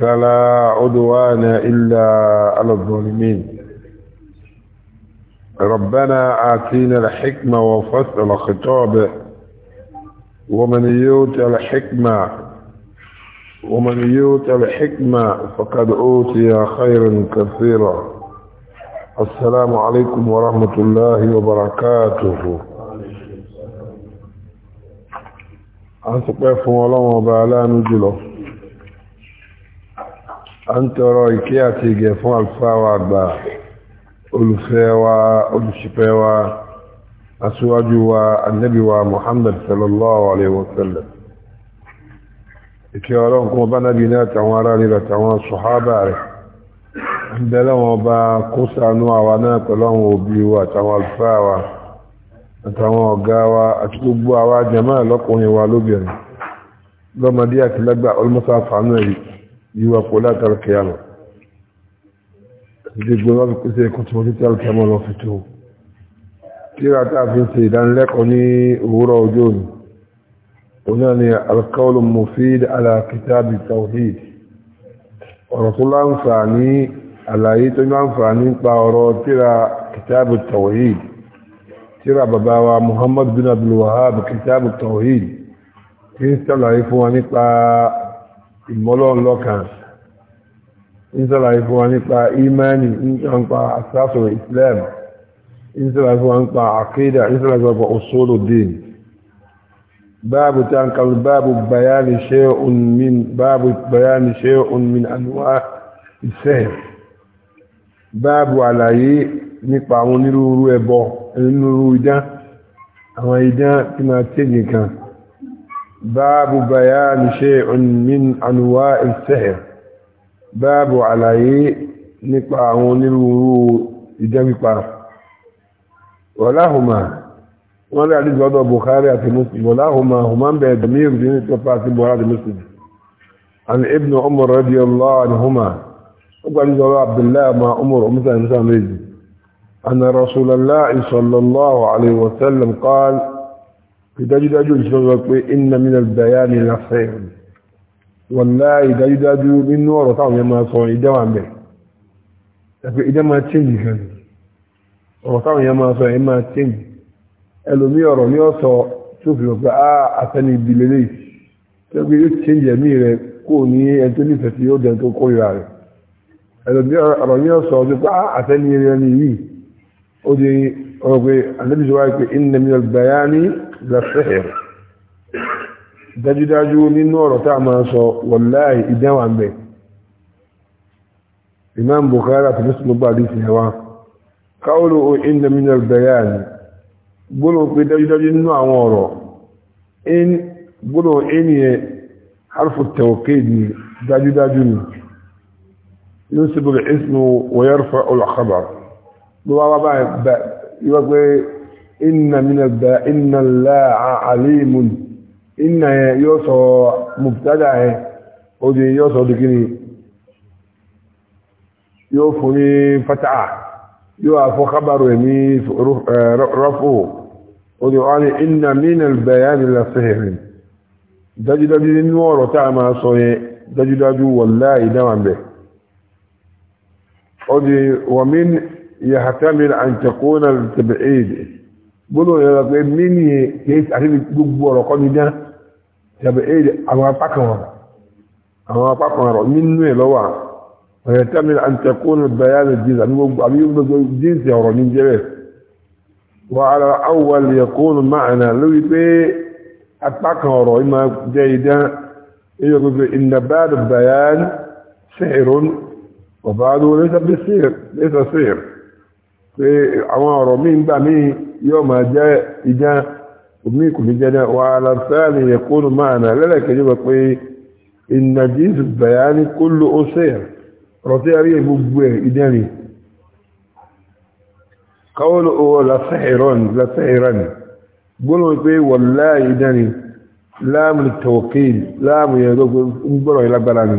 فلا عدوان إلا على الظالمين ربنا آتينا الحكمة وفصل خطابه ومن يوت الحكمة ومن يوت الحكمة فقد أوتي خيرا كثيرا السلام عليكم ورحمة الله وبركاته أنت قف ولم وبعلان جلوه a ń tọrọ ìkẹ́ àti ìgẹ̀ fún àlùfáà wa àgbà olùfẹ́ wa olùṣìpẹ̀ wa aṣíwájú wa annabi wa muhammad sallallahu alaihi wasallam ìkẹ́ ọlọ́run kún ọba nábi ní àtàwọn ará rẹ̀ àtàwọn sọ̀hábà rẹ̀ ń bẹ lọ́wọ́n ọba kó ṣàánú àwa náà pẹ̀lú àwọn òbí wa àtàwọn àlùfáà wa àtàwọn ọ̀gá wa àti gbogbo àwa jàmáà lọ́kùnrin wa lóbìnrin lọ́mọdé àti lágbà olùmọ́sáfà náà yìí yíwa kò látàrí kìyàmù gbogbo wọn kò sí ẹkùn tí wọ́n títí alùkìyàmù lọ fi tó tíra tá a fi ń ṣe ìdánilẹ́kọ̀ọ́ ní òwúrọ̀ ọjọ́ òní òní ni alkaulu mufid ala kitabi tawhid ọ̀rọ̀ tó láǹfààní àlàyé tó láǹfààní pa ọ̀rọ̀ tíra kitabi tawhid tíra bàbá wa muhammad bin abdul kitabi tawhid kí ń sàlàyé fún wa nípa ìmọ́lọ́run lọ́kàn ìsọ́lá ìfún wa nípa imani nípa àṣàṣọ islam ìsọ́lá ìfún wa nípa àkídà ìsọ́lá ìfún wa nípa òṣòlò dìín باب تنقل باب بيان شيء من باب بيان شيء من انواع السحر باب àlàyé nípa àwọn onírúurú ẹbọ onírúurú idán àwọn idán tí máa tẹ́lẹ̀ kan باب بيان شيء من أنواع السحر باب عليه الورود ونرور إجابة ولهما ولا يعرض وضع البخاري في مسلم ولهما هما بأدمير دين توفى في بخاري مسلم عن ابن عمر رضي الله عنهما وقال عبد الله مع عمر مثلا مثلا أن رسول الله صلى الله عليه وسلم قال ìdájúdájú òṣìṣẹ́ sọ pé inna minal bayani lásẹ̀rù wallahi ìdájúdájú nínú ọ̀rọ̀ táwọn yẹn máa sọ ìdẹ́wà mẹ́ ẹ̀fẹ́ ìdẹ́ máa change gan ọ̀rọ̀ táwọn yẹn máa sọ ẹ̀ máa change ẹlòmí ọ̀rọ̀ ní ọ̀sọ̀ tó fi rọ̀ pé a àtẹni ìbílẹ̀ tó gbé yóò change ẹ̀mí rẹ̀ kó ní ẹni tó nífẹ̀ẹ́ sí yóò dẹ̀ tó kórìíra rẹ̀ ọ̀rọ̀ pé a pé àlébìsọ̀ wáyé pé inna lẹ́sẹ̀hẹ̀r dájúdájú nínú ọ̀rọ̀ tá a máa sọ wàláì ìdẹ́wà ń bẹ̀ imam bukhari àti muslim gba àdìsí ẹwà káwọlù o inda minal bayan gbónà pé dájúdájú nínú àwọn ọ̀rọ̀ gbónà ẹniyẹ harfu tawkid ni dájúdájú ni yunsibu al-ismu wa yarfa إن من الدا إن الله عليم إن يوسف مبتدع ودي يوسف دكني يوفي فتعة يوافو خبر يمي رفو ودي قال إن من البيان دجي دجي النور تعمى صوي دجي والله دوما به ودي ومن يحتمل أن تكون التبعيد gbọ́dọ̀ yọrọ pé mímì kéésì àti gbogbo ọ̀rọ̀ kọ́ mi dá ṣàbẹ̀ èdè àwọn apá kan ọ̀rọ̀ àwọn apá kan ọ̀rọ̀ nínú ẹ̀ lọ́wọ́ ọ̀rẹ́ tẹ́mi àǹtẹ̀kùn bẹ̀yàmì jíǹsì àbí gbogbo àbí gbogbo jíǹsì ọ̀rọ̀ ní jẹ́rẹ̀ wà á awọ lẹ́kùn máàna lórí pé apá ọ̀rọ̀ ìmọ̀ jẹ́ idá ẹ̀yọ gbogbo ìnàbàdù bẹ̀yàmì sẹ́ẹ̀rún ọ̀bàdù lẹ́sà sí àwọn ọ̀rọ̀ míì gbà míì yóò máa jẹ́ ìjà omi kò ní jẹ́ náà wà aláfẹ́àlì ẹ̀kọ́nù máa nà lẹ́lẹ́kẹ̀ẹ́ wọ pé ìnàjís bẹ̀yání kó lo ó sẹ́yà rọ̀tí àrí gbogbo ẹ̀ ìdẹ́rin kawọ́lù owó lásẹ̀ìrán gbọ́nà pé wọ̀lá ìdẹ́rin láàmù tawqil láàmù gbọ́nà ìlágbára ni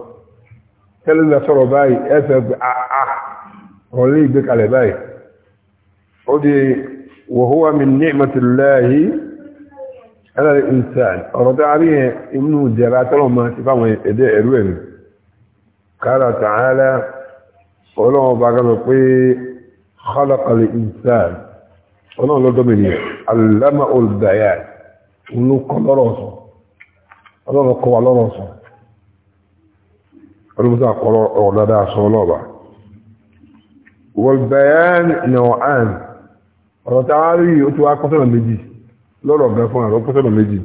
tẹ́lẹ̀ ní sọ̀rọ̀ báyìí ẹsẹ̀ àà ah, ah, ọ̀rọ̀ lè gbé kalẹ̀ báyìí ó di wọ̀húwà mi ní ìmọ̀tìláyì ẹlẹ́rìí ìsàn ọ̀rọ̀ tó arí yẹn inú jẹ̀rà tọ́lọ̀ máa ti fáwọn èdè ẹ̀rú ẹ̀mí kára tààlà ọlọ́wọ́ bá gbọ́ pé kọ́lọ̀kọ̀lẹ̀ المساء قرار أغلدا صلابا والبيان نوعان وتعالي يتوى قتل المجي لولا بفون لو قتل المجي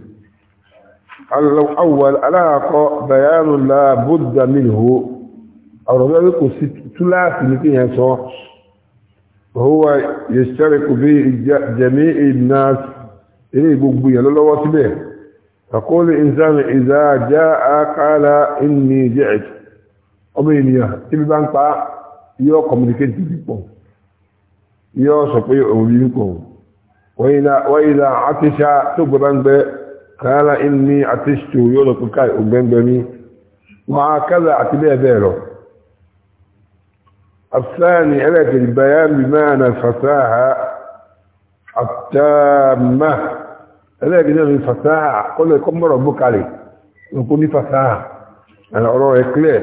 الأول علاقة بيان لا بد منه الرجل قصد ثلاث نتين وهو يشترك في جميع الناس إليه بقبية لولا واسبه فقول الإنسان إذا جاء قال إني جعت ọmọ ènìyàn tí bí bá ń pa yóò communicate bí pọ̀ yóò sọ pé òun bí pọ̀ wọ́n ìlà àtìṣà tó gbọ́dá ń gbẹ kààlà ìní àtìṣtò yóò lọ pé káì ògbẹ́ngbẹ́ wọ́n á kẹ́lẹ̀ àti bẹ́ẹ̀ bẹ́ẹ̀ lọ الثاني علاج البيان بمعنى الفساحة التامة علاج الفساحة قل لكم ربك عليه نكون فساحة أنا أرى إكلير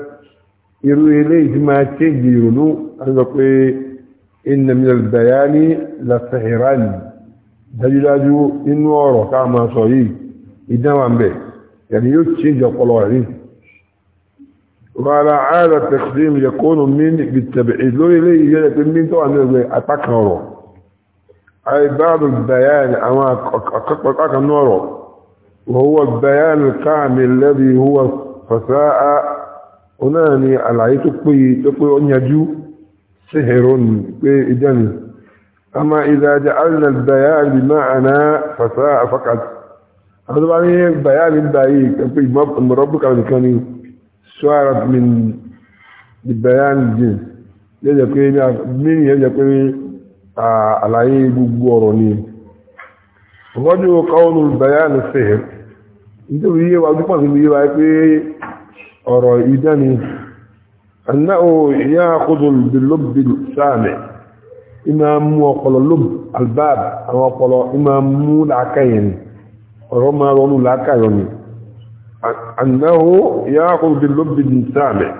يروي إليه ما تجيون إن من البيان لسحران دجلاج إن وراك ما صحيح إدام به يعني يتشج قلوعه وعلى عادة تقديم يكون من بالتبعيد لو إليه يجب من تو أن أتكره أي بعض البيان أما أكبر أكبر وهو البيان الكامل الذي هو فساء náà ni àlàyé tó péye tó pé ó yanjú sí heron pé ìjẹni ama ìdájá alìlẹ̀ bayani ma'ana fasa àfakat àwọn tó bá ní bayani báyìí pé ìmọ̀rọ̀bùkà nìkan ni ṣọ́ra min bayani jin yẹ́jẹ̀ pé mí yẹ́jẹ̀ pé àlàyé أرائدني أنه يأخذ باللب السامع إمام وقال اللب الباب وقال إمام العكين رمى رون العكين أنه يأخذ باللب السامع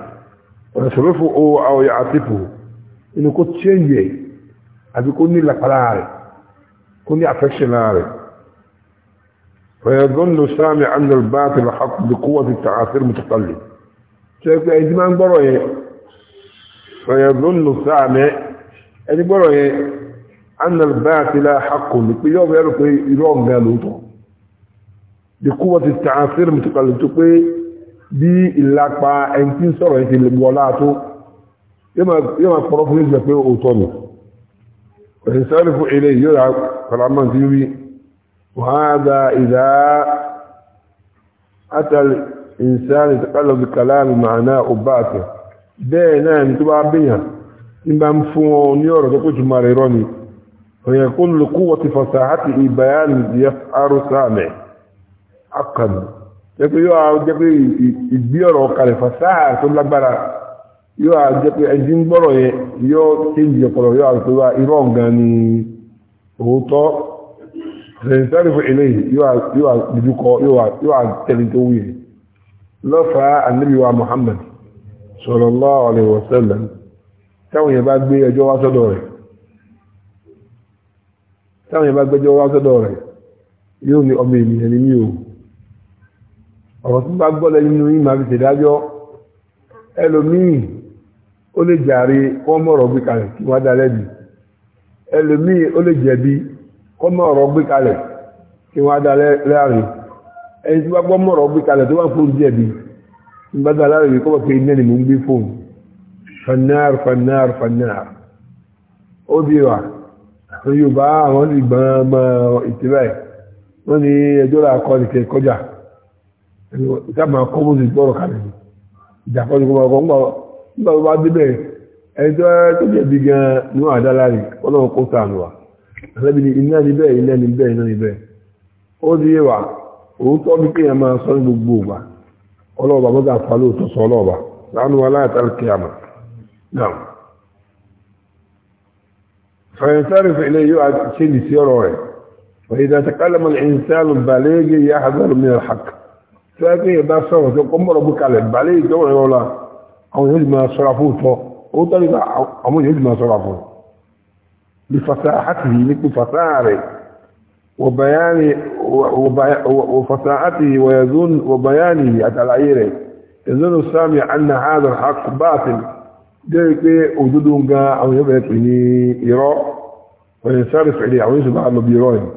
ويصرفه أو يعطفه إنه كنت شيء أبي كوني لقرار كوني أفشنار فيظن السامع أن الباطل حق بقوة التعاثير متقلب tẹ́lẹ̀kẹ́ ẹni tí máa ń gbọ́rọ̀ yẹn ọ̀yẹ̀bùn lò sáàmẹ́ ẹni gbọ́rọ̀ yẹn annalbáàtìlá hakùnlù pé yọ́ bẹ̀rẹ̀ pé irọ́ ọ̀gá lóòtọ́ di kúwọ́ ti tààfíìrì mùtùkàlù tó pé bí ìlàpá ẹni tí ń sọ̀rọ̀ yẹn ti lè bọ́ láàtó yóò إنسان يتقلب بكلام معناه باطل بينا نتبع بيها إما مفهوم نيورو تقول مريروني ويكون لقوة فصاحته بيان يفعر سامع حقا يقول يوعى يقول يبيرو قال فصاحة تقول لك برا يوعى يقول أجين برو يو تنجي يقول يوعى يقول إيرون غاني هو تو سينصرف إليه يوعى يوعى يوعى يوعى تلتويه lọ́fà annabi wa muhammad sallallahu alaihi wasallam táwọn yẹn bá gbé ẹjọ́ wá sọ́dọ̀ rẹ̀ táwọn yẹn bá gbé ẹjọ́ wá sọ́dọ̀ rẹ̀ yóò ní ọmọ ènìyàn ní mí o ọ̀rọ̀ tó bá gbọ́lẹ̀ nínú yìí máa fi ṣèdájọ́ ẹlòmíì ó lè jàre kọ́ gbé kalẹ̀ kí wọ́n ẹlòmíì ó lè jẹ̀bi ẹni tí wọ́n gbọ́ gbé kalẹ̀ tó wà fún jẹ̀bi nígbàdà aláàrẹ̀ kọ́ pé iná ni mò ń gbé fóun fanáàr fanáàr fanáàr ó bí wa àwọn Yorùbá àwọn sì gbọ́n ọmọ ìtìlẹ̀ wọ́n ní ẹjọ́ rà kọ́ ní sí gbọ́rọ̀ kalẹ̀ ìjàpọ̀ ní nígbà tó bá ẹni tó òótọ́ bí kí ẹ máa sọ ní gbogbo ọba ọlọ́ọ̀bà bọ́gà fà lóòótọ́ sọ ọlọ́ọ̀bà lánàá wọn láyà a náà fẹ̀yìntàrí fẹ̀lẹ̀ yóò ṣe lè sí ọ̀rọ̀ rẹ̀ فإذا تكلم الإنسان بالغ balẹ̀ ìjọba ẹ̀rọ la ni وفصاعته ويظن وبيانه أتلعيره يظن السامي أن هذا الحق باطل ذلك وجودهم أو يبعث إليه وينصرف إليه أو يسمع له بيرائه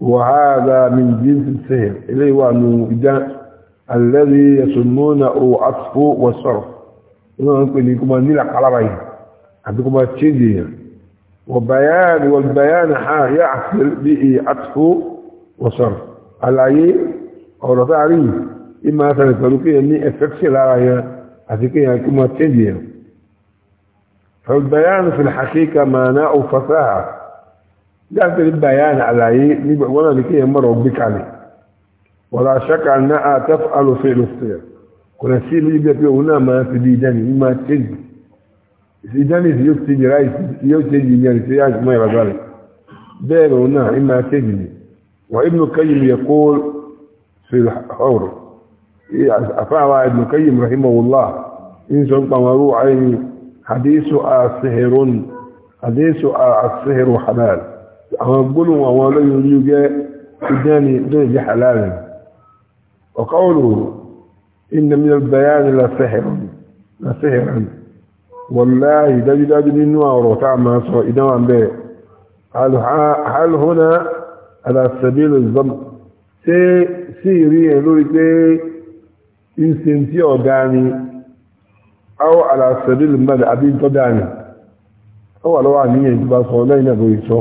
وهذا من جنس السهر إليه وأنه الذي يسمونه عطف وصرف يقول لكم نلعق لا رأيه عندكم تشيدين وبيان والبيان يعقل به عطف wọ̀sọ̀rọ̀ àlàyé ọ̀rọ̀ sáàrí yìí máa sẹ̀rẹ̀ pẹ̀lú kéèyàn ní ẹ̀fẹ́kṣẹ̀ lára yẹn àti kéèyàn kí máa tẹ́jì yẹn فالبيان في الحقيقة معناه فصاحة جاءت البيان عليه ولا لكي يمروا بك عليه ولا شك أنها تفعل فعل السير كنا سير يبقى فيه هنا ما تدي جاني ما تجي ìdánì tí yóò ti jẹ́ ráìsì yóò ti jẹ́ ìyẹn ìṣẹ́yà ìgbọ́n náà ìmọ̀ àtẹ́jì ni وابن القيم يقول في الحور أفعل ابن القيم رحمه الله إن سنطمروا عيني حديث السهر حديث السهر حلال أقول ولا يلقى إداني دون حلال وقوله إن من البيان لسحر لسحرا والله دجدج من نور وتعمى إذا عن به هل هنا alasabilo zọm ṣé sí ìrí ẹ̀ lórí pé ìsìn tí ọ̀gá ni áwọ̀ alasabilo mẹ́rin àbí tọ́dá ni ó wà lọ́wọ́ àníyàn tó bá sọ lẹ́yìn náà lórí sọ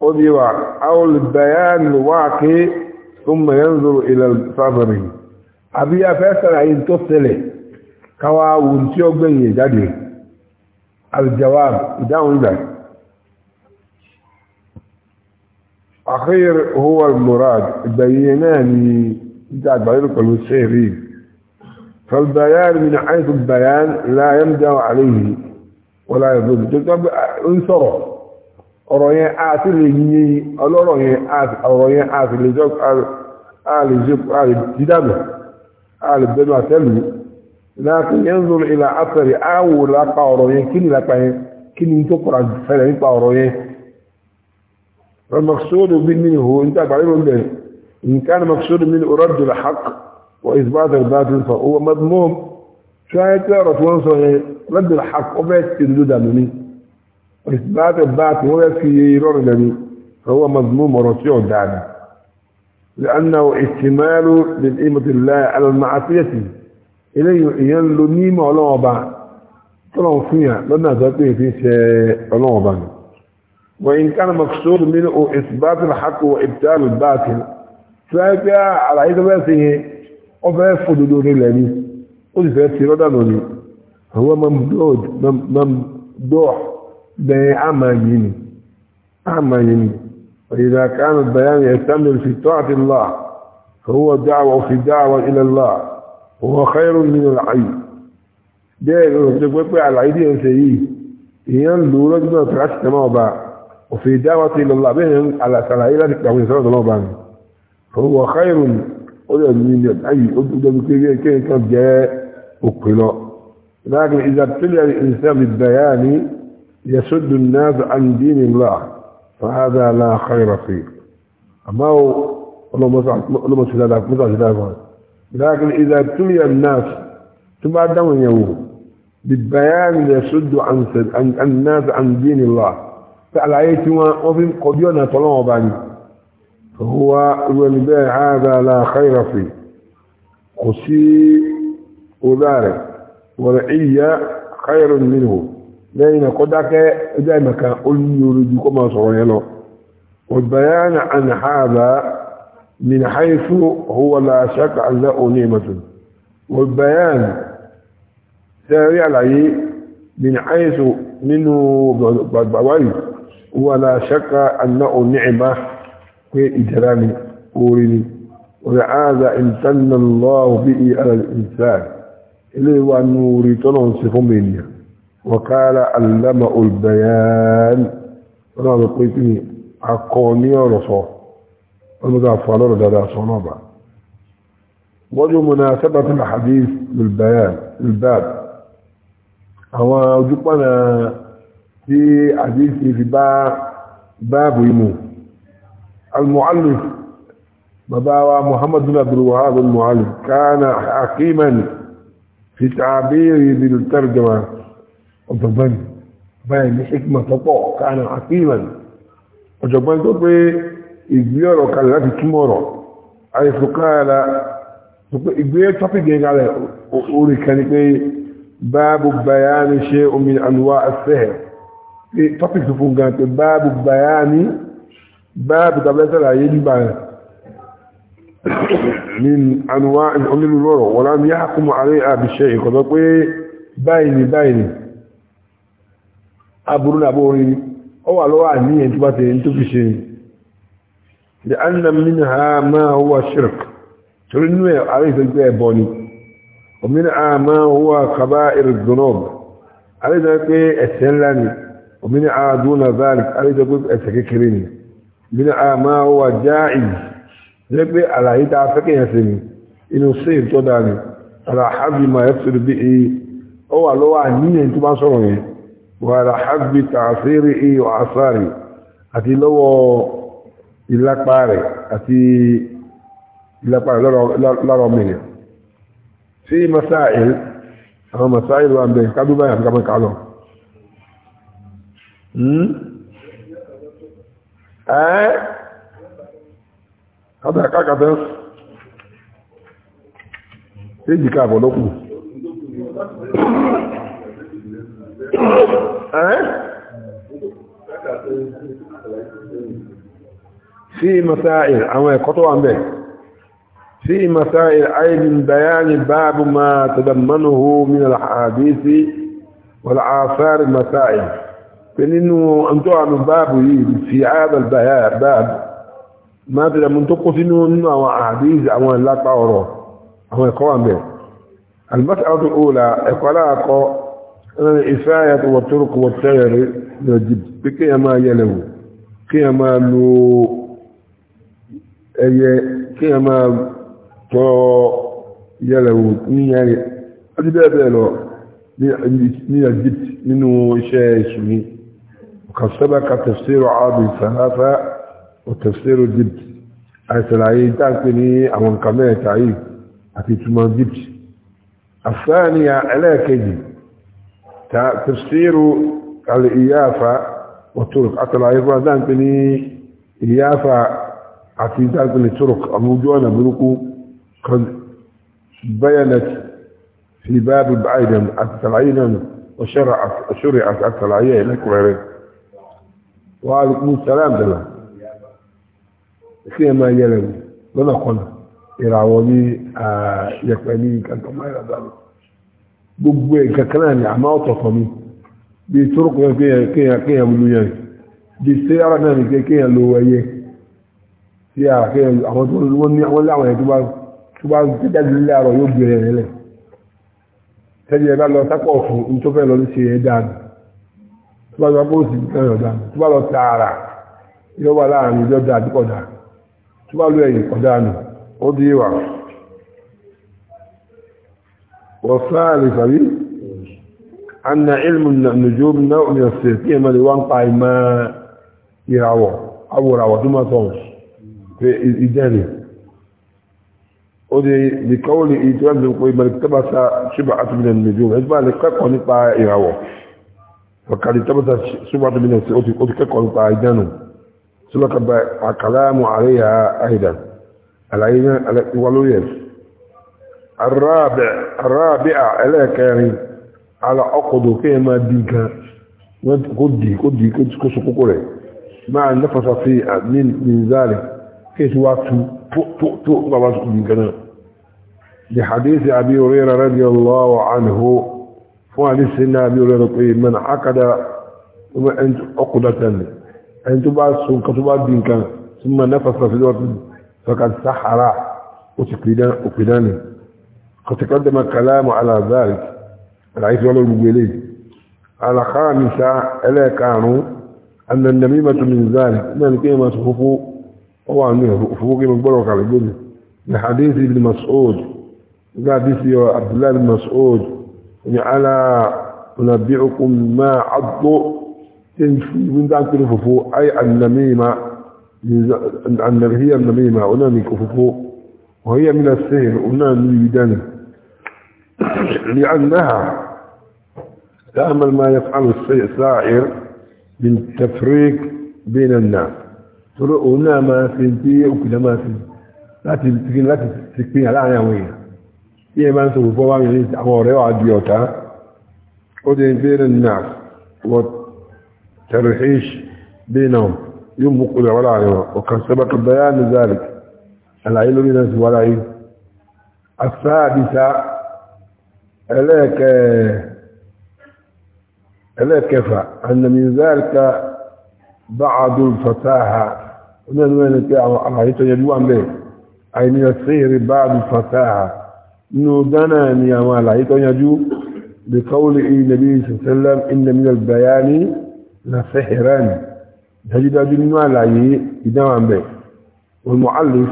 ó di wà áwọ̀ bayan wáàkí ثم ينظر إلى الصبر àbí afẹ́sára yìí tó tẹ́lẹ̀ káwàá wùn tí ó gbẹ̀yìn jáde أخير هو المراد بيناني جاد بعيد كل السيرين فالبيان من حيث البيان لا يمدع عليه ولا يضر طب انصره ọ̀rọ̀ yẹn a ti lè yí ọlọ́rọ̀ yẹn ọ̀rọ̀ yẹn a ti lè jọ àlèjídàmù àlèbẹ̀nu àtẹ́lù láti yẹn zòrò ìlà afẹ́rẹ̀ áwò lápá ọ̀rọ̀ yẹn kí ni yẹn فالمقصود منه انت تعلم به ان كان مقصود منه رد الحق واثبات الباطل فهو مذموم شاهد تعرف وانصر رد الحق وبيت تندد مني واثبات الباطل هو في يرر مني فهو مذموم ورسيع دعنا لانه احتمال لنعمه الله على المعصيه اليه ينلو نيمه ولا طلعوا فيها لما ذاتي في شيء ولا بعد وإن كان مقصود منه إثبات الحق وإبطال الباطل فهذا على إذا بأسه وفهي فدودون لني قل فهي سيردانوني هو ممدود ممدوح بأمانين أمانين وإذا كان البيان يستمر في طاعة الله فهو دعوة في دعوة إلى الله هو خير من العيب ده يقول لك على العيد ينسيه ينلو لك ما ترعش ما بعد. وفي دعوة إلى الله بهم على سلائلة تكتعوين سلام الله بهم فهو خير أدى من أي أدى كيف كان جاء وقلاء لكن إذا ابتلع الإنسان بالبيان يسد الناس عن دين الله فهذا لا خير فيه أما هو لما لك مصع سلالك لكن إذا ابتلع الناس ثم أدعون يوم بالبيان يسد عن الناس عن دين الله àlàyé tí wọ́n fi ń kọjú ọ̀nà tọ́lọ́wọ́ bá ní huwa ruwani bẹ́ẹ̀ hádà la khayra fi kò sí ọ̀dá rẹ̀ wọ̀rẹ̀ ìyá khayrun minhu lẹ́yìn na kọ́dákẹ́ ẹjá ìmọ̀kan والبيان عن هذا من حيث هو لا شك أن له والبيان سريع عليه من حيث منه بوارث ولا شك أنه نعمة في وإجرام أورني ولهذا امتن الله به على الإنسان إليه ونور تنصف مني وقال علم البيان أنا لقيتني أقوني ورسول أنا دافع لرجع صنابا وجو مناسبة الحديث بالبيان الباب هو جبنا في حديث في باب باب يمو المعلم بابا محمد بن عبد الوهاب المعلم كان حكيما في تعبير بالترجمة وطبعا باين حكمة تطوع كان حكيما وجبان تطوي إجبيرو كان لا تتمورو أي فقال إجبير تطوي على أولي كان باب بيان شيء من أنواع السحر topic fún gan pé báàbù bàyá ní báàbù tàbẹ́sẹ̀lá yé nígbà rẹ̀ ní ànúwà onírúurọ̀ wọ́n lá ní àkúmọ̀ àrẹ àbíṣẹ́ ìkọ̀tọ̀ pé báyìí ni báyìí ni aburú nàbó orin ó wà lọ́wọ́ àníyàn tó bá ti ń tó fi ṣe ni anna min ha máa huwa shirk torí nínú àrẹ ìtọ́jú pé ẹ̀ṣẹ̀ ńlá ni ومنع دون ذلك أريد أقول أتككرين منع ما هو جائز لبي على يدع فكي هسني إنه سير توداني على حب ما يفسر به أو على وعنين أنتم أصروني وعلى حب تعصيره وعصاره أتي لو إلا قاري أتي إلا قاري لا رميني في مسائل أما مسائل وأنبين كادوا بيان كما قالوا Haa baa ka aka bɛn, e ji ka agboloku. Siyi Masaahir aṅụrị kutuu aṅbịa. Siyi Masaahir ayi ndeyaani baabu ma taja manuhu na laxaadịsị wala asaari Masaahir. فإنه أنتو عن باب في هذا الباب باب ما ترى من تقصنه منه أو أحاديث أو لا تعرف أو يقوم به المسألة الأولى إقلاق الإساية والترك والتير يجب بكيما يلو كيما لو كيما تو يلو يعني أجب بيلو من الجبت منو شيء شمي وقد سبق تفسير عرض السهافة وتفسير الجبت أسلعي تأكلي أو القمية تعيد أتي تمان الجبت الثانية على كجي تفسير الإيافة والطرق أتلعي فردان تني إيافة أتي تأكلي طرق أموجوانا بلوكو قد بينت في باب بعيدا التلعين وشرعت شرعت التلعية لك وعليك وعليكم السلام جماعة كيما ما يلم لنا قلنا ìràwọ̀lé àyẹ̀pẹ̀ ní kankan máa yàrá dáná gbogbo nǹkan kan náà ni àmọ́ ọ̀tọ̀ọ̀tọ̀ mi bí tórókù náà kéèyàn kéèyàn lu yẹn bí sẹ́yàrá náà ni kéèyàn lo ẹyẹ sí àkéèyàn àwọn tó wọ́n ní àwọn láwọn ya tó bá tó bá tó bá lọ bó sì kẹrin ọ̀dà tó bá lọ tààrà yóò wà láàrin ìjọ dá àti kọ̀dà tó bá lọ ẹ̀yìn kọ̀dà nù ó di wà wọ́n sáàrì fàbí أن علم النجوم نوع من السيطية ما لوانقع ما يراوه أو راوه ثم صوت في إدانه ودي لقول إيجاد القيمة اقتبس شبعة من النجوم إذ ما لقاقه نقع يراوه فقد ثبت سبعة من أتكك وطاعدان سبق الكلام عليها أيضا العين والويل الرابع الرابع عليك يعني على عقد فيما ديك قدي قدي قدي قدي مع النفس في من من ذلك كيف واتو تو تو تو لحديث أبي هريرة رضي الله عنه wọ́n àdí sí náà bí olóòrò pé mẹ́nà àkàdá ọkùnlátẹ́lẹ̀ ẹni tó bá so nǹkan tó bá bí nǹkan tí mọ̀ nẹ́fàsà fi lọ́tí fẹ́ka sahara ó ti pìdánì kọtíkọ́dẹ̀mọ̀ kalamu alazari aláìsí ọlọ́gbùgbélé alakamisa ẹlẹ́ẹ̀karùn annanami matu min zari náà ní kéèmà tó fúfú ó wà ní òfúfú kéèmà جعل انبئكم ما عض من ذاك الففو أي النميمة هي النميمة من كففو وهي من السهر من يدان لأنها تأمل ما يفعل السائر من تفريق بين الناس ترؤنا ما سنتي وكذا ما سنتي لا تتكين لا تتكين على عيوية bí ẹ máa ń sọ̀rọ̀ fọ́wọ́ àwọn ìrìn àwọn ọ̀rẹ́ wà di ọ̀tá ó dẹ̀ bẹ́ẹ̀rẹ̀ náà wọ́n tẹ̀rẹ̀hẹ́ṣ bẹ́ẹ̀nà yóò mú kúrò wọ́n láàrin wọn ọ̀kan sẹ́bàtà bẹ́yà ní zalik àlàyé lórí náà sì wára yìí asáàdìsá ẹlẹ́ẹ̀kẹfà ànàmì zalika báàdù fasáhà ó náà ní wọ́n ní pé àwọn àlàyé tó yẹ bí wọ́n bẹ́ẹ̀ àìníyàn sí ìrì báàdù fasáhà نودنا يا مالا يتون يجو بقول النبي صلى الله عليه وسلم إن من البيان لسحرا تجد هذا من مالا به والمؤلف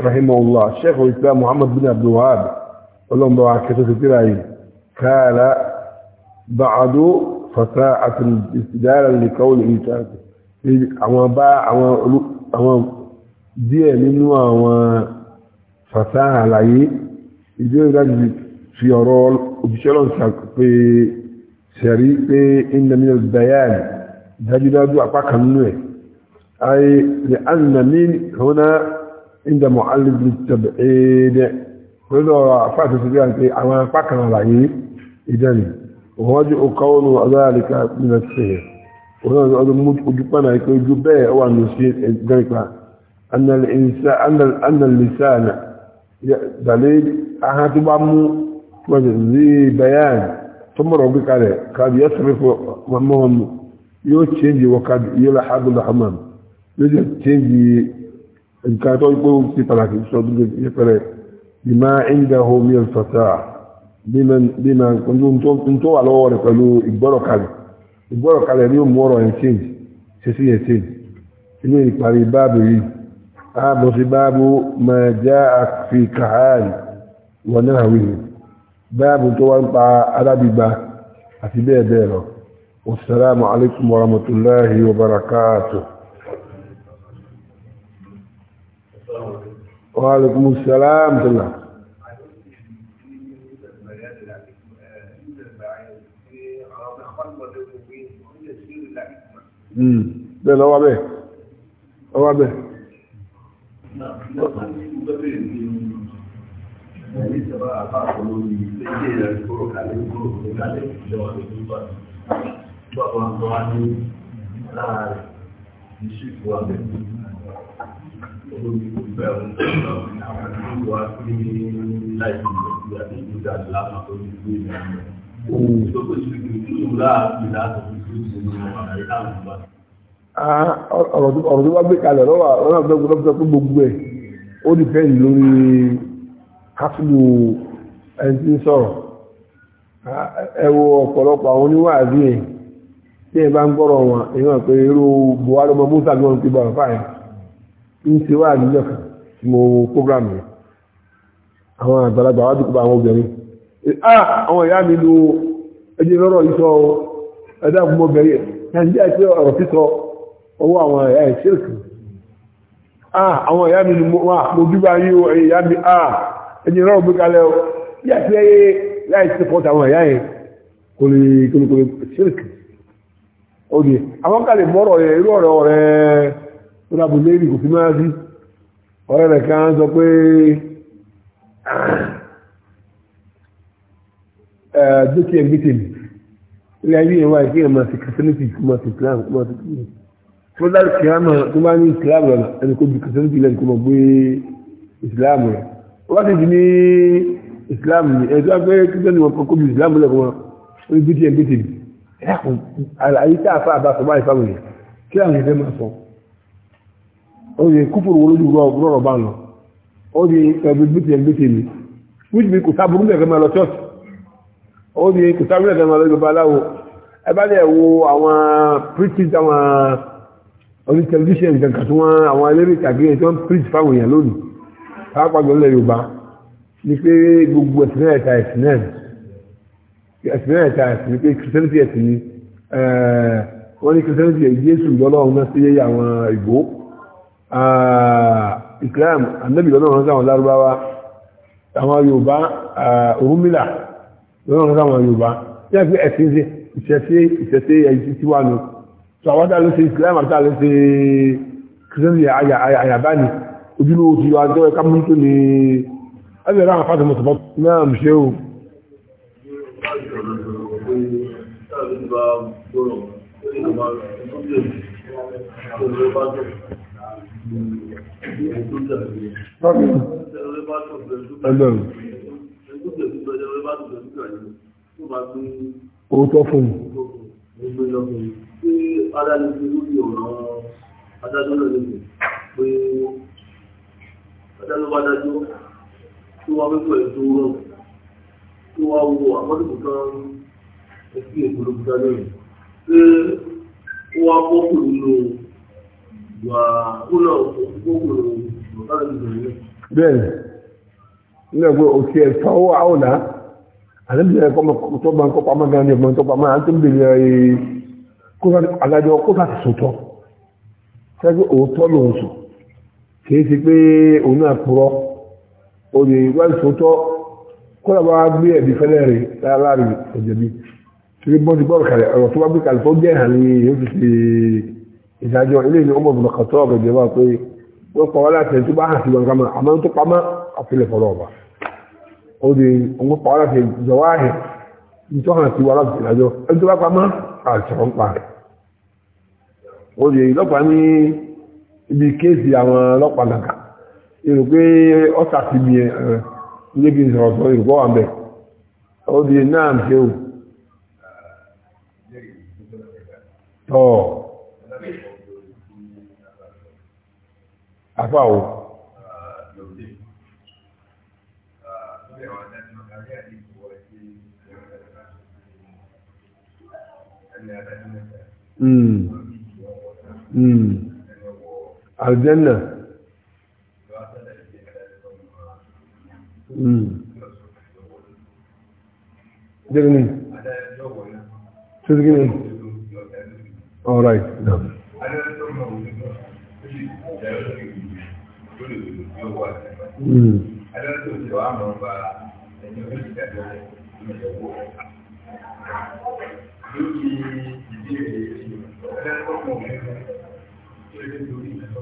رحمه الله الشيخ الإسلام محمد بن عبد الوهاب اللهم بوعى كتاب قال بعد فتاعة استدارا لقول إيتاته أما باع دي منو أما فساعة لعيه ìbéèrè láti fi ọ̀rọ̀ òṣìṣẹ́ lọ́sà pé sẹ̀rí pé ìnàmínà bayan dájúdájú apá kan nínú ẹ̀ ayé lè ánàmí hona ìdá mọ̀álìbì tàbíẹ̀dẹ̀ lọ́dọ̀ afáàtẹ̀sẹ̀ bí i àwọn apá kan àlàyé ìdánì wọ́n jẹ́ òkàwọ́nù aláàríkà nínú sẹ́yẹ̀ ọdún ojú pàdà ikọ̀ ojú bẹ́ẹ̀ wà ní ahọ́n tó bá mú pẹ̀lú bayan tó mọ̀rọ̀ gbé kalẹ̀ kàbí yẹ́sẹ̀rẹ̀ fún mọ́mọ́mọ́ yóò change wọ kàbí yóò la hadu la hamam yóò jẹ́ change nǹkan tó gbé ti pàtàkì sọ dúró yẹ pẹ̀lẹ́ bímá ẹ̀ńdà homi ẹ̀fọ́tà bímá tó wà lọ́wọ́ rẹ̀ pẹ̀lú ìgbọ́rọ̀ kalẹ̀ ìgbọ́rọ̀ kalẹ̀ ni ó mú ọ̀rọ̀ yẹn change ṣe sí yẹn change inú ìparí báàbù yìí ààbọ̀ sí báàbù máa já àfi wọn náà wíwì báàbù tó wá ń pa arábìgbà àti bẹ́ẹ̀ bẹ́ẹ̀ lọ wasalaamu alaykum wa rahmatulahi wa barakatuh. wa alaykum salaam tala. Hmm, bẹ́ẹ̀ lọ́wọ́ bẹ́ẹ̀ lọ́wọ́ bẹ́ẹ̀. ẹni ìjọba àpapọ̀ lórí ilé ìrẹ̀ kúrò kàlẹ́ kúrò kàlẹ́ ìjọba ní gbígbà gbọ́dọ̀ ń wá ní láàárín ìṣèkú abẹ́ olórí ìgbẹ́ ọ̀hún ìlú wa ní láìpẹ́ ìlú àti ìlú àti láàmà tó ní ìlú ìlú àti ohun tó kó sí ìlú láàbí láàbí ìlú ọ̀rọ̀ tó wá gbé kalẹ̀ lọ́wọ́ àwọn àgbẹ̀gbẹ̀ lọ́pọ̀ gbogbo ẹ̀ ó dìpẹ́ lórí káfílù ẹni sọ̀rọ̀ ẹwọ ọ̀pọ̀lọpọ̀ àwọn oníwàájú ẹ̀ tí ẹ bá ń gbọ́rọ̀ wọn èèyàn pé irú buhari ọmọ musa bí wọn ti bọ̀ fáyà ń ṣe wá àdúgbò kan tí mo wo programu yẹn àwọn àgbàlagbà wájú kó bá àwọn obìnrin a àwọn ìyá mi lo ẹjẹ lọ́rọ̀ yìí sọ ẹ̀dá fún obìnrin nàìjíríà ti ọ̀rọ̀ sísọ ọwọ́ àwọn ìyá ẹ̀ ṣírìkì a àwọn ìyá mi ni wà mo bí bá ìyá mi a ẹni rọrùn kalẹ̀ o bí àti ẹyẹ láì sí pọ́t àwọn ẹ̀yà yẹn kò lè kò lè kò lè ṣírìkì òdì àwọn kalẹ̀ mọ́rọ̀ yẹn irú ọ̀rẹ́ ọ̀rẹ́ tó dábò lérí kò fi máa sí ọ̀rẹ́ rẹ̀ kan sọ pé dókì ẹ̀ gbé tèmi ilé ayé yẹn wáyé kí ẹ̀ máa ti kìrìsìtẹ́nìtì kó máa ti kìláàmù kó máa ti kìláàmù tó bá dá kìláàmù tó bá ní kìláàmù ẹni kó ju kìrìsìtẹ́nìtì lẹ́nu kó máa gbé ìsìláàmù rẹ̀ wọ́n ti di ní islam ní ẹ̀dọ́ pé kíkẹ́ ni wọ́n kọ́kọ́ bí islam lẹ́kọ̀ọ́ wọn ní bí tiẹ̀ bí tiẹ̀ ẹ̀kùn àlàyé tá a fa àbá sọ báyìí fáwọn yẹn kí àwọn ẹgbẹ́ máa sọ ó yẹ kúfòrò wọlé ju rọrọ bá lọ ó yẹ ẹgbẹ́ bí tiẹ̀ bí tiẹ̀ wíjì mi kò sábúrú lẹ́kẹ́ máa lọ chọ́ọ̀tì ó yẹ kò sábúrú lẹ́kẹ́ máa lọ ìjọba aláwo ẹ bá lẹ̀ wo àwọn preachers àwọn orí tẹlifíṣàn kankan tí wọ́n àwọn eléré ìtàgé tí wọ́n preach fáwọn èèyàn lónìí pàápàá jọ lẹ yorùbá ni pé gbogbo ẹ̀sìn náà ẹ̀ta ẹ̀sìn náà ẹ̀sìn náà ẹ̀ta ẹ̀sìn ni pé kìrìsìtẹ́nìtì ẹ̀sìn ni wọ́n ní kìrìsìtẹ́nìtì jésù lọ́lọ́run náà sí yẹ́yẹ́ àwọn ìgbó islam anabi lọ́lọ́run sáwọn lárúbáwá àwọn yorùbá òrùmìlà lọ́lọ́run sáwọn yorùbá yẹ́ pé ẹ̀sìn sí ìṣẹ̀ṣe ìṣẹ̀ṣe ẹ̀yìn tí wà nù tó àwọn tá islam àti tá ló ojúlówó ti yọ àjọ ẹ̀ka mú tó lè ẹgbẹ̀ ráhà fàtí mọ̀ tọ̀bọ̀ náà mú ṣe o Òótọ́ fún mi. Adájọ́ lọ́dún pé ọjọ́ ló bá dájú tí wọ́n fẹ́ kó ẹ̀ tó rọrùn tí wọ́n wo àmọ́dùkù kan ẹbí ìgbòho kúta lóyún pé wọ́n á bọ́kù nínú ìwà kúnà òkúkú bẹ́ẹ̀ni nígbà pé òsì ẹ̀fọ́ owó àwòdá àdébìyà ẹ̀kọ́ tó bá ń kọ́ pamọ́ gan-an ní ọgbọ́n tó pamọ́ àti ń bèrè alájọ kó láti sòtọ́ sẹ́gbẹ́ òótọ́ lòun sùn kìí ṣe pé òun náà purọ́ olè wá ìṣòótọ́ kọ́lá bá gbé ẹ̀bí fẹ́lẹ́ rẹ̀ láàárín ọ̀jẹ̀bí torí bọ́ọ̀dì bọ́ọ̀lù kalẹ̀ ọ̀rọ̀ tó bá gbé kalẹ̀ tó jẹ́ hàn ní yóò fi ṣe ìdájọ́ ilé ìlú ọmọ ìbùnà kàtọ́ ọ̀gẹ̀ jẹ́ wáá pé wọ́n pa wọ́n láti ẹ̀ tó bá hàn sí gbọ̀ngàn àmọ́ tó pamọ́ àfilẹ̀ fọlọ́ ọ̀bà olè ọmọ pa ibi kéèsì àwọn ọlọ́pàá nàkà èrò pé ọ́sà ti bí ẹ̀ ilé kí n sọ̀rọ̀ sọ èrò pọ́wà mẹ́ ó di náà ń ṣe ò tọ́ afá Mm. Mm. aljanna jirgin jirgin all right no. Mm. lórí ìdílé rẹ̀ yìí ọ̀rẹ́ tó mọ̀ ọ́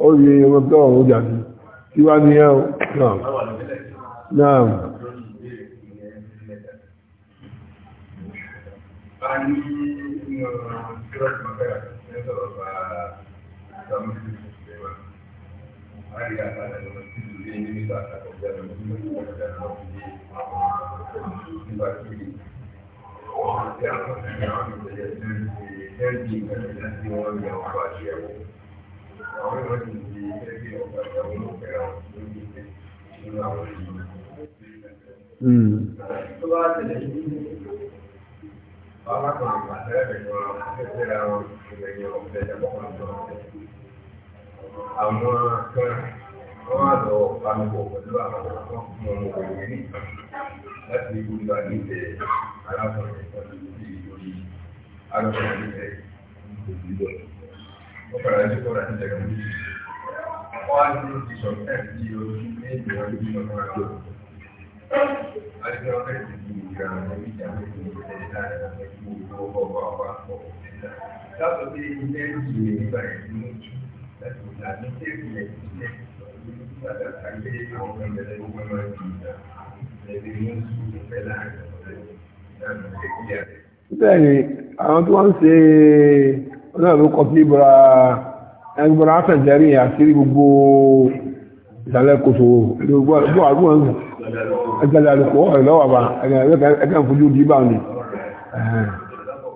ó yẹ wọn ọ̀rọ̀ jà tí wá ní ẹ̀ náà Thank you. Àwọn kan wọ́n á lọ pamọ́ pẹ̀lú àwọn ọmọkùnrin ní ìtàn láti gbogbo àdíjẹ arákùnrin pẹ̀lú sí orí arákùnrin ní ìtàn ìgbòsílẹ̀. ọkọ̀rọ̀ ẹjọ́ que ẹjọ́ kọ̀rọ̀ wọ́n á ní que ẹ̀kí oṣù méjì ọdún ìṣọ̀rọ̀ que àdìgbẹ́ ọ̀fẹ́ ti di ìgbà que ìjà méjì ìṣẹ̀lẹ̀ láti gbogbo que àwọn akọ̀ látọ̀ sí ilé que nígbà ìlú ojú láti ìlà que tẹ́ẹ̀kì ilẹ̀ padà àgbé àwọn que owó máa di ìjà ẹ̀rí que oṣù ìfẹ́ láàrin ọ̀rẹ́ ìdáná que rẹ̀. bẹ́ẹ̀ ni àwọn tí que ń ṣe náà ló kọ́ sí ibùra ẹgbẹ̀rún afẹ́jẹ́rí àṣírí gbogbo ìsàlẹ̀ kòtò gbogbo àgbọ̀n ẹgbẹ̀rún àlùkò ọ̀rẹ́lọ́wà bá ẹgbẹ̀rún fojú di bá ní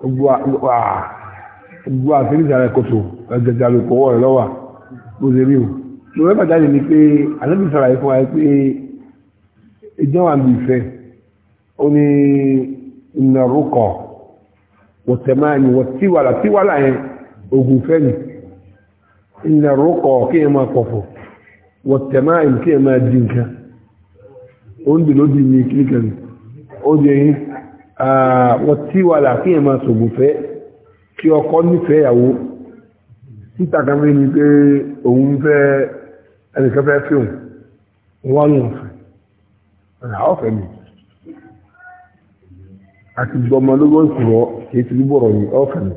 gbogbo àṣírí ìsàlẹ̀ kòtò ẹgbẹ̀rún àlùkò ọ̀rẹ́lọ́wà bó ṣe rí o lórí pàjáde ni pé àlẹ́bí sọ̀rọ̀ yìí fún wa pé ìjọba mi fẹ́ ó ní ìnàrúkọ wọ̀tẹ̀máà ni wọ̀tíwàlà tíwàlà yẹn ogun fẹ́ni ilẹ̀ rúkọ̀ kí ẹ máa pọ̀fọ̀ wọ̀tẹ̀má ìlú kí ẹ máa di nǹkan ó ń dìló di ní kíríkẹ̀ ní ó di ẹ̀yìn wọ̀tíwàlà kí ẹ máa sògùn fẹ́ kí ọkọ nífẹ̀ẹ́ ìyàwó títà kan fi ni pé òun fẹ́ ẹnìkan fẹ́ wọ́n lò fẹ́ ọ̀fẹ́ mi àti gbọmọlógún ìkùrọ̀ kì í ti bọ̀rọ̀ yìí ọ̀fẹ́ mi.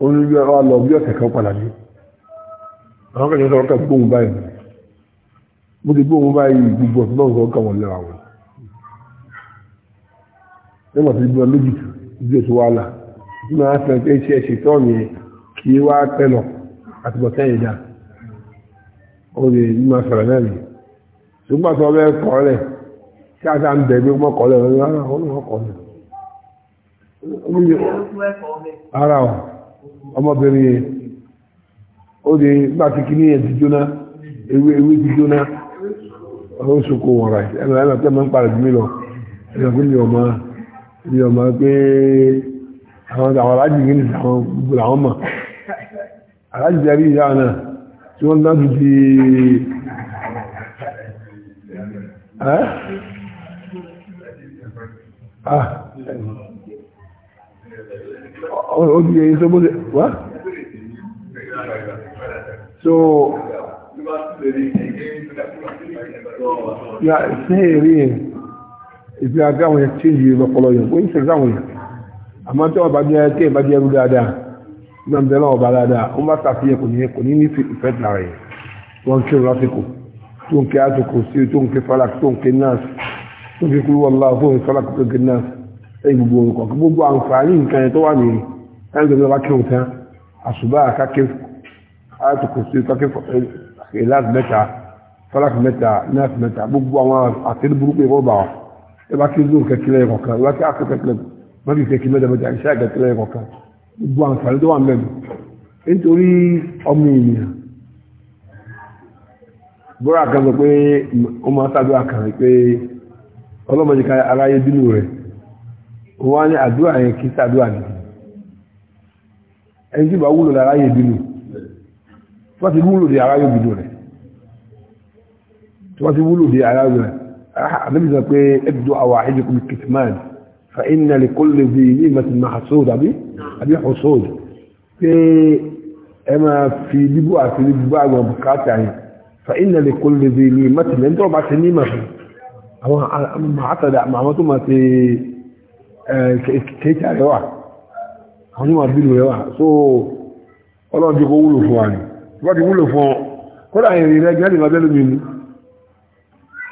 onu ẹ̀rọ alọ ala ọ̀sẹ̀ kan padà ní àwọn kẹ̀kẹ́ sọ̀rọ̀ kẹ́ gbóhùn báyìí mo ti gbóhùn báyìí gbogbo ọ̀sẹ̀ náà sọ̀rọ̀ kàwọn lẹ́wà wọn nígbà tí gbọ́n lójú ìdí ètò wàhálà tí ala. ndị pé ṣe ṣe tọ́ mi kí wá pẹ́ lọ àti bọ̀ sẹ́yìn a sáà ń ọmọbìnrin yẹn ó di nígbà tí kìíní yẹn ti jóná ewé ewé ti jóná ọ̀rọ̀ oṣù kò wọ̀ra ẹ̀rọ ẹ̀rọ tẹ́ máa ń parẹ̀ jùmí lọ ẹ̀rọ pé mi ò mọ mi ò mọ pé àwọn àwọn aláàjì yìí ní àwọn gbogbo làwọn mọ̀ aláàjì ti rí ìyá náà tí wọ́n dájú ti ẹ́ ah ojú èyí tó bóde wá so ya sẹ́ẹ̀rí ìfi àga àwọn ẹ̀kí yìí lọ́pọ̀lọ́ yẹn wọ́n ń sẹ̀rẹ̀ àwọn yẹn àmọ́ tí wọ́n bá jẹ́ kí ìbá jẹ́ rú dáadáa náà ń bẹ̀rẹ̀ ọ̀bá dáadáa wọ́n bá sàfihàn kò ní kò ní ní ìfẹ́ tààrà yẹn wọ́n ń kírun lásìkò tó ń kí àtòkò sí tó ń kí falak tó ń kí nurse tó ń kí kúrú wọn láwọn fóun falak tó ẹ̀yìn gbogbo nǹkan gbogbo àǹfààní nǹkan yẹn tó wà nìyí ẹnìkan tó bá kírun tán àṣùbà káké àtòkòsí káké ìlàs mẹ́ta fọlákì mẹ́ta nẹ́ẹ̀sì mẹ́ta gbogbo àwọn àtẹ́lẹ́ burúkú ẹ̀kọ́ bá wa ẹ bá kí lóun kẹkẹlẹ́ ẹ̀kọ́ kan ẹ bá kí àkọ́ kẹkẹlẹ́ bá kí kẹkẹlẹ́ mẹ́ta mẹ́ta iṣẹ́ àkẹkẹlẹ́ ẹ̀kọ́ kan gbogbo àwọn àǹfààní tó wà mẹ́nu nítorí ọmọ ènìyàn bọ́ra kan sọ pé ó máa sábẹ́ àkàrà pé ọlọ́mọdé ká aráyé bínú rẹ̀ wọ́n á ní àdúrà yẹn kí sábẹ́ àdìgbò ẹni tí bá wúlò lára yẹ bínú wọ́n ti wúlò dé ara yóò bínú rẹ̀ tí wọ́n ti wúlò dé ara yóò rẹ̀ àdébìsọ pé ẹgbẹ̀dọ́ àwọn àhẹ́jọ kùn kìtìmáàdì fa iná lè kó lè bí ní ìmọ̀tí máa sóòdù àbí àbí ọ̀sóòdù pé ẹ máa fi bíbú àti bíbú àgbọn bùkátà yìí fa iná lè kó lè bí ní ìmọ̀tí lẹ́yìn tó bá ti ní ìmọ̀ àwọn àtàdà máa ti kéèkì àríwá àwọn onímọ̀ bílù rẹ̀ wà so ọlọ́run jẹ́ kó wúlò fún wa ni wọ́n ti wúlò fún ọ kódà ìrìn rẹ̀ gẹ́lì máa mi ni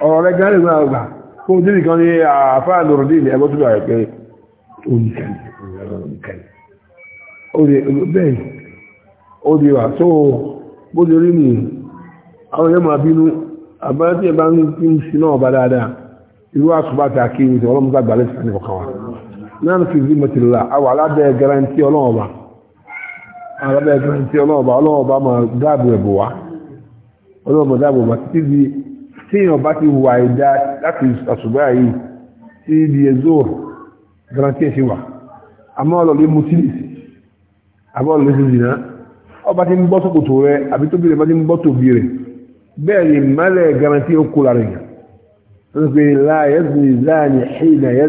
ọ̀rọ̀ rẹ̀ gẹ́lì máa gbà fún ojú nìkan ní àfáà lọ́rọ̀ dé ilẹ̀ ẹgbọ́tún rẹ̀ pé oníkàlẹ̀ so bó ti rí ni àwọn èèyàn máa bínú àbáyé tí ẹ bá ń sí náà náà fi zí mọ̀tìlá àwọn alábẹ́ garanti ọlọ́ọ̀bá alábẹ́ garanti ọlọ́ọ̀bá ọlọ́ọ̀bá ma dáàbò ẹ̀bù wá ọlọ́ọ̀bá dáàbò wá títí di tíyàn bá ti wà ìdá láti àṣùgbà yìí tí di ẹzọ́ garanti ẹ̀ṣẹ̀ wà àmọ́ ọlọ́ọ̀lẹ́ mutilisi àmọ́ ọlọ́ọ̀lẹ́ ti zìnà ọba ti ń bọ́ sókòtò rẹ àbí tóbi rẹ bá ti ń bọ́ tóbi rẹ bẹ́ẹ̀ ni mẹ́lẹ̀ garanti ó kó lára yẹn wọ́n pe láàyẹ́sìn láàyẹ́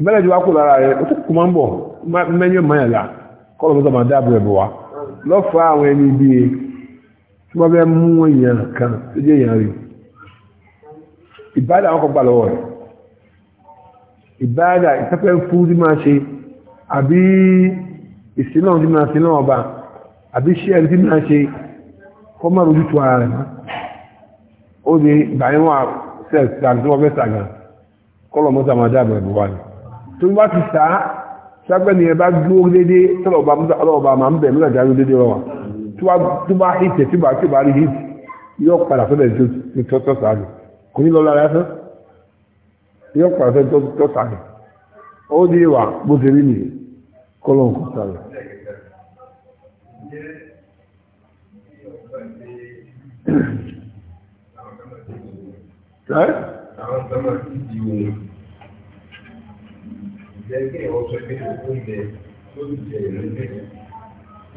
ìbẹ́lẹ̀ tí wá kò lára rẹ̀ ó tó kù máa ń bọ̀ mẹ́yàn mayàlá kọ́lọ̀ mọ́ta máa dáàbò ẹ̀bọ̀ wá lọ́fà àwọn ẹni ibi tí wọ́n fẹ́ mú èèyàn kan tó jẹ́ èèyàn rí ìbáàdà àwọn kan gbà lọ́wọ́ rẹ̀ ìbáàdà ìfẹ́fẹ́ fún tí máa ṣe àbí ìsinà tí máa sinà ọba àbí ṣẹ́ tí máa ṣe kọ́ má rojú tu ara rẹ̀ mọ́ ó ní ìgbà sẹ́ẹ̀sì àti wọ́n fẹ́ sàgàn kọ́lọ̀ mọ́ta máa dáàbò ẹ̀bọ̀ wá ni tó bá ti sáá sápẹ́ ni ẹ bá dúró dédé tọ́lọ̀ọ̀bá ọlọ́ọ̀bá máa ń bẹ̀ mọ́lá jáde dédé rọwà tó bá hìtẹ̀ tí bá tí bá rí hìtì yóò padà sọ́dọ̀ tí tó tọ́ sáà kò ní lọ́la lásán yóò padà sọ́dọ̀ tó tọ́ sáà ó dé wà bó ti rí nìyí kọ́lọ́n kò sáà Right? lẹ́gbẹ́ ọ̀sọ̀ pé ó tó ń jẹ ìrẹ́gbẹ́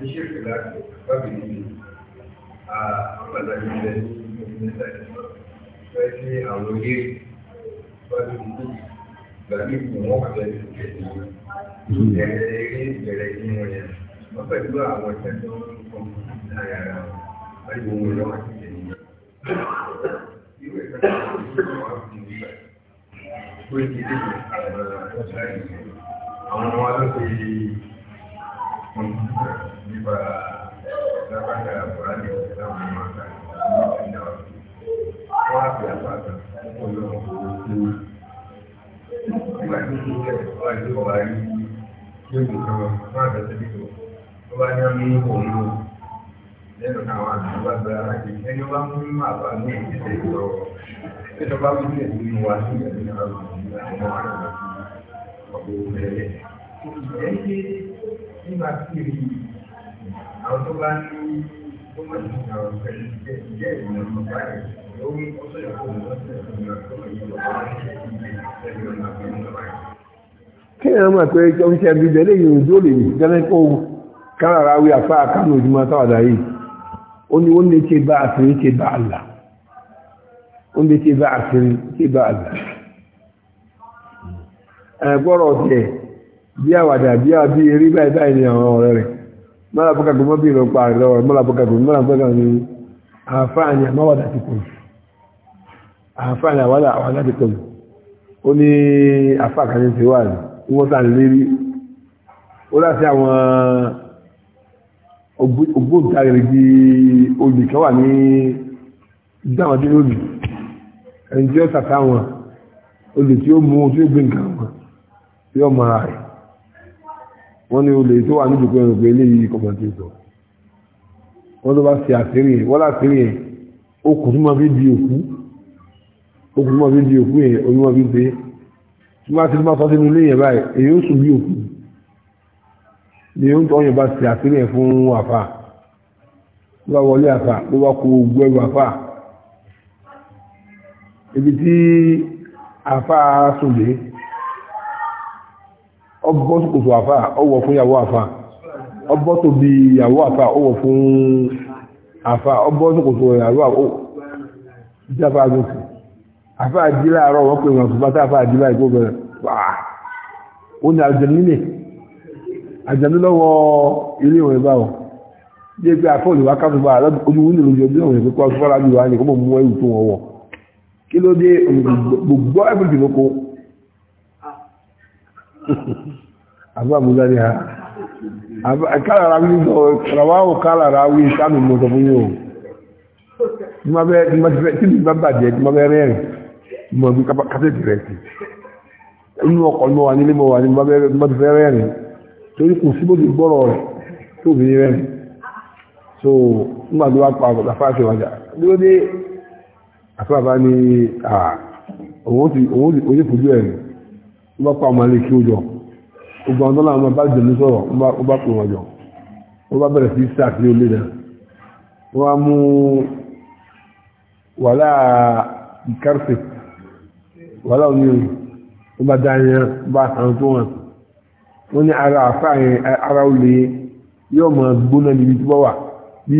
ní ṣe fi láti bábí níbi àpàtàkì fẹ́ sí àwọn oyé bábí gbàgbé ìwọ̀n ọ̀sẹ̀ ìgbésẹ̀ ìbẹ̀rẹ̀ eré ìbẹ̀rẹ̀ inú rẹ̀ wọ́n pẹ̀lú àwọn ẹ̀sẹ̀ tó ń kọ́ láyà ara wọn wọ́n ti wọ́n lọ́wọ́ àti ìjẹ̀ nìyẹn. Irú ìfẹ́ tó ti dé àwọn ọmọ ló ti nípa lápáta àbúrádì láwọn ọmọ àgbà ní ìpínlẹ̀ ọ̀sẹ̀. Wọ́n á fi àpáta púpọ̀ lọ́wọ́ owó tó wù. Nígbà tí ó jẹ́ ọ̀pá ìlú ọ̀wá rí lóògùn kan wọ́n àbẹ̀ síbi tó. Wọ́n bá ní ọmọ òun lò lẹ́nu àwọn àgbà gba ẹni wá mú àbá ní ìdílé ìrọ̀rọ̀. Ṣé ìjọba mú ìdílé ìlú wa sí ìgbà ọ̀gbọ̀gbẹ̀rẹ̀ ìjẹ́ nígbà tí èyí àwọn tó bá ní tó mọ̀ sí àwọn pẹ̀lú ìjẹ́ ìrìnàmọ́ báyìí lórí ọ̀sẹ̀ ìfowópamọ́ kí ni a máa pẹ́ ọ̀sẹ̀ ẹbí bẹ̀rẹ̀ yìí ojú òlè ní gẹ́gẹ́ kó wí afá kánú ojúmọ́ sáwàdà yìí ó ní ó lè ṣe bá àṣírí ṣe bá àlà ẹgbọ́rọ̀ ọ̀tẹ̀ bí àwàdà bí a bí eré báyìí báyìí ni àwọn ọ̀rẹ́ rẹ̀ mọ́là bọ́kàgbọ́n mọ́bí ìlú pa àrẹ lọ́wọ́ mọ́là bọ́kàgbọ́n mọ́là bọ́kàgbọ́n ni àfáàní àmáwàdà ti pọ̀ àfáàní àwàdà àwàdà ti pọ̀ ó ní àfáàkàní ti wà ní wọ́n sàn lérí ó láti àwọn ògbóǹtarìgì olè kan wà ní dáwọn tí ó lè ẹni tí ó sàtà wọn olè tí ó mú tí ó wọn yóò mara rẹ̀ wọ́n ní olè tó wà nídùúgbò ẹ̀rọ pé eléyìí kọ̀mọ̀tì sọ wọ́n tó bá ṣe àṣírí yẹn wọ́n láṣírí yẹn okùn tó máa fi di òkú okùn tó máa fi di òkú yẹn omi máa fi gbé tí wọ́n ti máa sọ sínú ilé yẹn báyìí èyí ó sùn bí òkú ni ó ń tọ́ yẹn bá ṣe àṣírí yẹn fún àfà ló bá wọlé àfà ló bá kó gbọ́ ẹrù àfà ibi tí àfà sùn dé ọgbọ́ kòtò àfà ọwọ́ fún yàwó àfà ọgbọ́ tó bí yàwó àfà ọwọ́ fún àfà ọgbọ́ tó kòtò yàwó àfà ìjáfà àgbẹ̀sì àfà àdílà àárọ̀ wọ́n pè wọn fúnpá táfà àdílà ìkó bẹ̀rẹ̀ wàá ó ní àjẹmí nì àjẹmí lọ́wọ́ ilé ìwọ̀n ìbá wọn bí ẹgbẹ́ àfọ́ òlùwà káfíńbà ojú wúni lójú ọdún ìwọ̀n ìpínpá fúnpá lábí wa ní kó mọ̀ mú ẹrù tó wọn wọ̀ kí ló dé gbogbo ẹgbẹ́ àbá àbúdá ni àkàrà ra wí sọ ràwá ò kàrà ra wí sánù mo sọ fún yóò tí ma bẹ tí ma ti fẹ tí mi bá bàjẹ́ tí ma bẹ rẹ́rìn mo bí kásẹ̀tì rẹ̀ sí inú ọkọ̀ ni mo wà nílé mo wà ní ma bẹ tí ma ti fẹ rẹ́rìn torí kò síbò ti gbọ́rọ̀ rẹ̀ tó fi rẹ́rìn so nígbà tó wá pa àfa àti wájà lóde àfa àbá ni òun ti òun ti fojú ẹ̀rìn ó bá pa ọmọ ilé kí ó jọ gbogbo àwọn tó láwọn ọmọ bá jẹun sọ̀rọ̀ ó bá pè wọn jọ ó bá bẹ̀rẹ̀ sí sáà kí ó lé náà wọ́n á mú wàhálà ìkárfẹ̀ wàhálà onírin ó bá dáyẹn bá àtàwọn tó wọn wọ́n ní ara àfáà ara ó yóò mọ̀ gbóná níbi tí wọ́n wà bí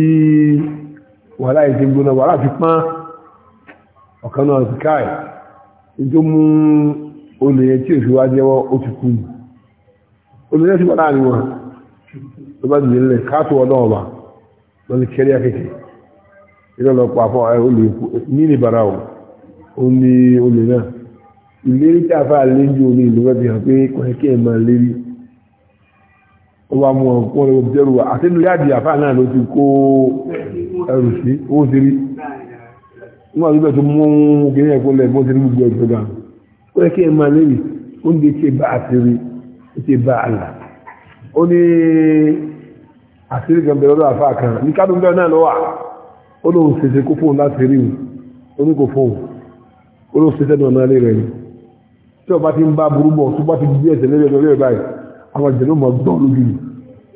wàhálà yìí ti gbóná wàhálà ti pán ọ̀kan náà ti káì ní mú olè yẹn tí òfin jẹ́wọ́ ó ti kú na yẹn wọ́n láàrin wọn ló bá dìde nílẹ̀ káàtó ọ̀nà ilé ọlọ́pàá olè ní ìbára o ó ní olè náà ìlérí tí a fà léjú orí ìlú bẹ́ẹ̀ fi hàn pé kò kí máa lérí ó bá mú wa àti àfà náà ló ti kó ẹrù sí ó àti bẹ́ẹ̀ tó mú ẹ̀kọ́ lẹ̀ ó yẹ kí ẹ máa lórí oúnjẹ tí bá àṣírí tí bá àlà ó ní àṣírí kan bẹ̀rẹ̀ lọ́wọ́ àfáà kan ní kádùn bẹ́ẹ̀ náà lọ́wọ́ ó lóun ṣẹṣẹ kó fóun láti rí o ó ní kò fóun ó lóun ṣẹṣẹ náà náà lé rẹ̀ ni tí ọba ti ń bá burú bọ̀ tó bá ti di ẹsẹ̀ lẹ́yìn ọ̀dọ́ lẹ́yìn báyìí àwọn àjẹ́ ló máa gbọ́ lójú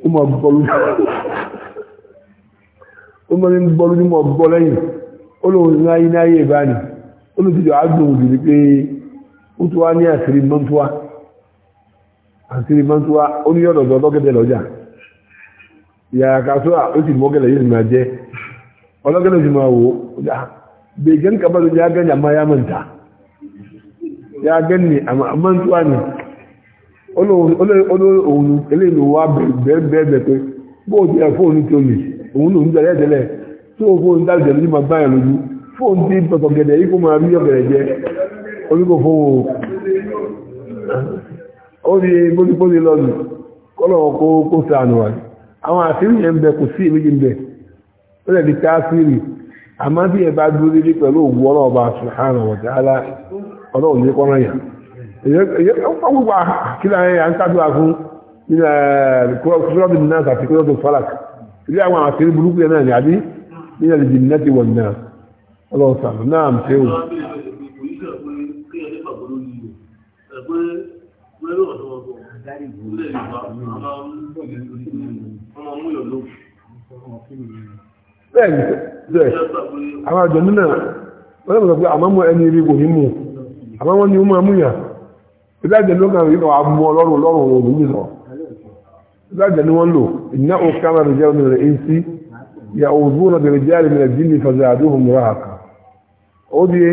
ó máa gbọ́ lójú ó máa ń gbọ́ lójú mọ́ gbọ́ lẹ́yìn ó lóun náà yín náà yé ìbáni ó lóun ti jọ àádùn òbí ni pé mutuwa ní àṣírí mọ́ntúwa àṣírí mọ́ntúwa ó ní ọ̀dọ̀ ọlọ́gẹ̀dẹ̀ lọ́jà ìyàrá kasuwa ó sì mọ́gẹ̀lẹ̀ yìí máa jẹ́ ọlọ́gẹ̀dẹ̀ sì máa wò ó bèèkẹ́ ní kàbàtò ya gẹ́ni àmá ya mọ̀ta ya gẹ́ni mọ́ntúwa ni olóòrùn eléyìí wà bẹ́ẹ̀bẹ́ẹ̀ pé bóò ti ẹ̀ fóònù tó lè òun lòún tẹ̀lé tẹ́lẹ̀ tí ó fóònù dálẹ̀ tẹ̀lé ní máa báyà onígbòfò ó ní gbójúgbójú lọ́nà kọ́lọ̀ kó sàánù wà àwọn àṣírí yẹn bẹ kò sí ìmẹ́jì bẹ ó lẹ̀ di káàsìrì àmá bí ẹ bá dúró nílé pẹ̀lú òwú ọlọ́ọ̀bá subhanahu wa ta'ala ọlọ́run ní kọ́nà yà gbogbo àkílà yẹn à ń sàdúrà fún nílẹ̀ kúrọ́bì náà àti kúrọ́bì falak ilé àwọn àṣírí burúkú yẹn pé lórí ọ̀dọ́ ọ̀dọ́ ilé ìgbà ọmọ mú yọ̀ lóko. bẹ́ẹ̀ni bẹ́ẹ̀ àwọn àjọ nínú wọ́n lè mọ̀ pé àmọ́ mú ẹni rí kò ní mú àmọ́ wọ́n ní ó máa mú yà ìdájẹ́ ló kàn rí kàn á mú ọlọ́run lọ́rùn òun ní sọ ìdájẹ́ ni wọ́n lò ìná òkè àwọn àbẹ̀jẹ́ omi rẹ̀ èyí sí yà òun bú ọ̀nà bẹ̀rẹ̀ jẹ́ àrẹ̀mẹ̀rẹ̀ jí ní fàzẹ̀ àdúhùn mùrà àkà ó di